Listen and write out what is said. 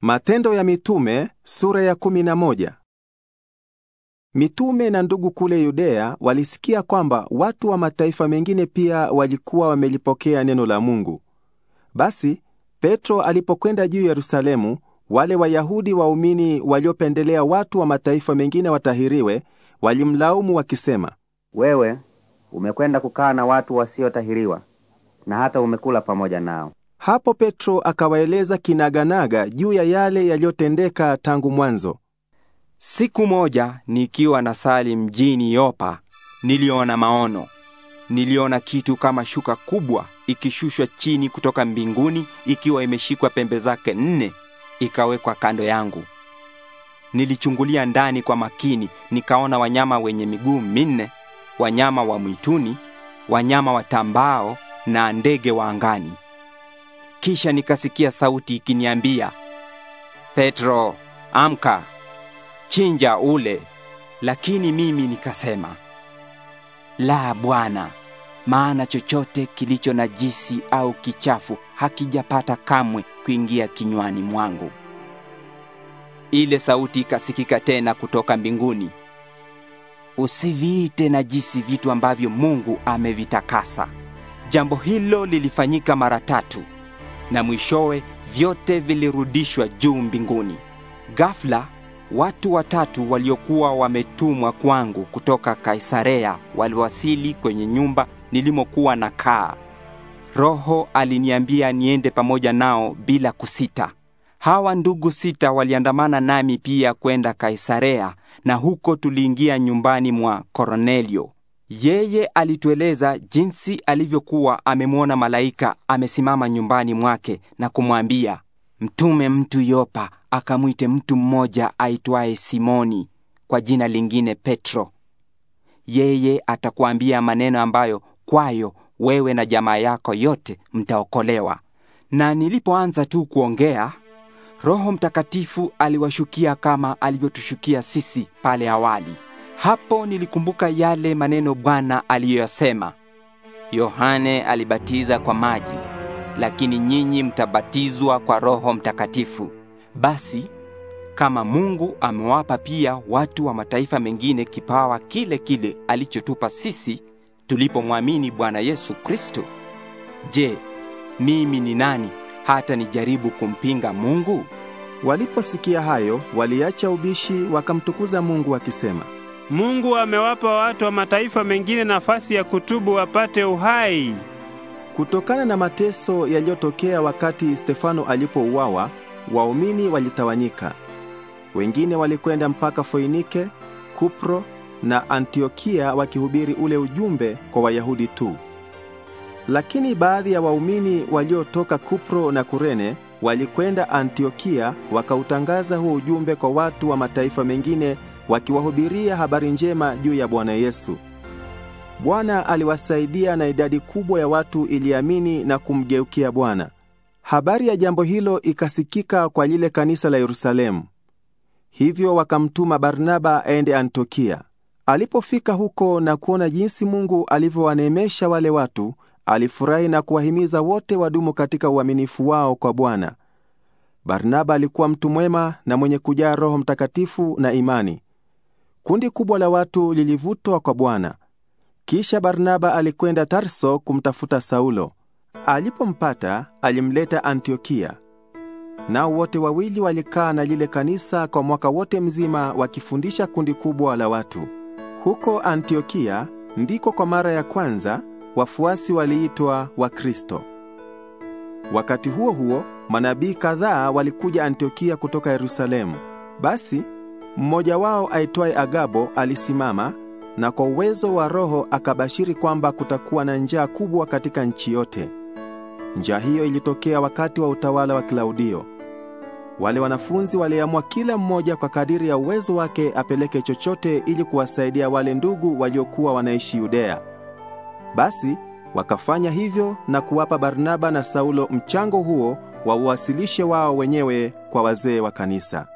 Matendo ya Mitume sura ya kumi na moja. Mitume na ndugu kule Yudea walisikia kwamba watu wa mataifa mengine pia walikuwa wamelipokea neno la Mungu. Basi Petro alipokwenda juu Yerusalemu, wale Wayahudi waumini waliopendelea watu wa mataifa mengine watahiriwe walimlaumu wakisema, wewe umekwenda kukaa na watu wasiotahiriwa na hata umekula pamoja nao. Hapo Petro akawaeleza kinaganaga juu ya yale yaliyotendeka tangu mwanzo. Siku moja nikiwa nasali mjini Yopa, niliona maono. Niliona kitu kama shuka kubwa ikishushwa chini kutoka mbinguni ikiwa imeshikwa pembe zake nne, ikawekwa kando yangu. Nilichungulia ndani kwa makini, nikaona wanyama wenye miguu minne, wanyama wa mwituni, wanyama watambao na ndege wa angani. Kisha nikasikia sauti ikiniambia, Petro, amka, chinja ule. Lakini mimi nikasema, la, Bwana, maana chochote kilicho najisi au kichafu hakijapata kamwe kuingia kinywani mwangu. Ile sauti ikasikika tena kutoka mbinguni, usiviite najisi vitu ambavyo Mungu amevitakasa. Jambo hilo lilifanyika mara tatu na mwishowe vyote vilirudishwa juu mbinguni. Ghafla watu watatu waliokuwa wametumwa kwangu kutoka Kaisarea waliwasili kwenye nyumba nilimokuwa nakaa. Roho aliniambia niende pamoja nao bila kusita. Hawa ndugu sita waliandamana nami pia kwenda Kaisarea, na huko tuliingia nyumbani mwa Kornelio. Yeye alitueleza jinsi alivyokuwa amemwona malaika amesimama nyumbani mwake na kumwambia, mtume mtu Yopa akamwite mtu mmoja aitwaye Simoni kwa jina lingine Petro. Yeye atakuambia maneno ambayo kwayo wewe na jamaa yako yote mtaokolewa. Na nilipoanza tu kuongea, Roho Mtakatifu aliwashukia kama alivyotushukia sisi pale awali. Hapo nilikumbuka yale maneno Bwana aliyoyasema, Yohane alibatiza kwa maji, lakini nyinyi mtabatizwa kwa Roho Mtakatifu. Basi kama Mungu amewapa pia watu wa mataifa mengine kipawa kile kile alichotupa sisi tulipomwamini Bwana Yesu Kristo, je, mimi ni nani hata nijaribu kumpinga Mungu? Waliposikia hayo, waliacha ubishi wakamtukuza Mungu wakisema, Mungu amewapa watu wa mataifa mengine nafasi ya kutubu wapate uhai. Kutokana na mateso yaliyotokea wakati Stefano alipouawa, waumini walitawanyika. Wengine walikwenda mpaka Foinike, Kupro na Antiokia wakihubiri ule ujumbe kwa Wayahudi tu. Lakini baadhi ya waumini waliotoka Kupro na Kurene walikwenda Antiokia wakautangaza huo ujumbe kwa watu wa mataifa mengine wakiwahubiria habari njema juu ya Bwana Yesu. Bwana aliwasaidia na idadi kubwa ya watu iliamini na kumgeukia Bwana. Habari ya jambo hilo ikasikika kwa lile kanisa la Yerusalemu. Hivyo wakamtuma Barnaba aende Antiokia. Alipofika huko na kuona jinsi Mungu alivyowaneemesha wale watu, alifurahi na kuwahimiza wote wadumu katika uaminifu wao kwa Bwana. Barnaba alikuwa mtu mwema na mwenye kujaa Roho Mtakatifu na imani. Kundi kubwa la watu lilivutwa kwa Bwana. Kisha Barnaba alikwenda Tarso kumtafuta Saulo. Alipompata, alimleta Antiokia. Nao wote wawili walikaa na lile kanisa kwa mwaka wote mzima wakifundisha kundi kubwa la watu. Huko Antiokia ndiko kwa mara ya kwanza wafuasi waliitwa Wakristo. Wakati huo huo, manabii kadhaa walikuja Antiokia kutoka Yerusalemu. Basi mmoja wao aitwaye Agabo alisimama na kwa uwezo wa Roho akabashiri kwamba kutakuwa na njaa kubwa katika nchi yote. Njaa hiyo ilitokea wakati wa utawala wa Klaudio. Wale wanafunzi waliamua kila mmoja kwa kadiri ya uwezo wake apeleke chochote ili kuwasaidia wale ndugu waliokuwa wanaishi Yudea. Basi wakafanya hivyo na kuwapa Barnaba na Saulo mchango huo wauwasilishe wao wenyewe kwa wazee wa kanisa.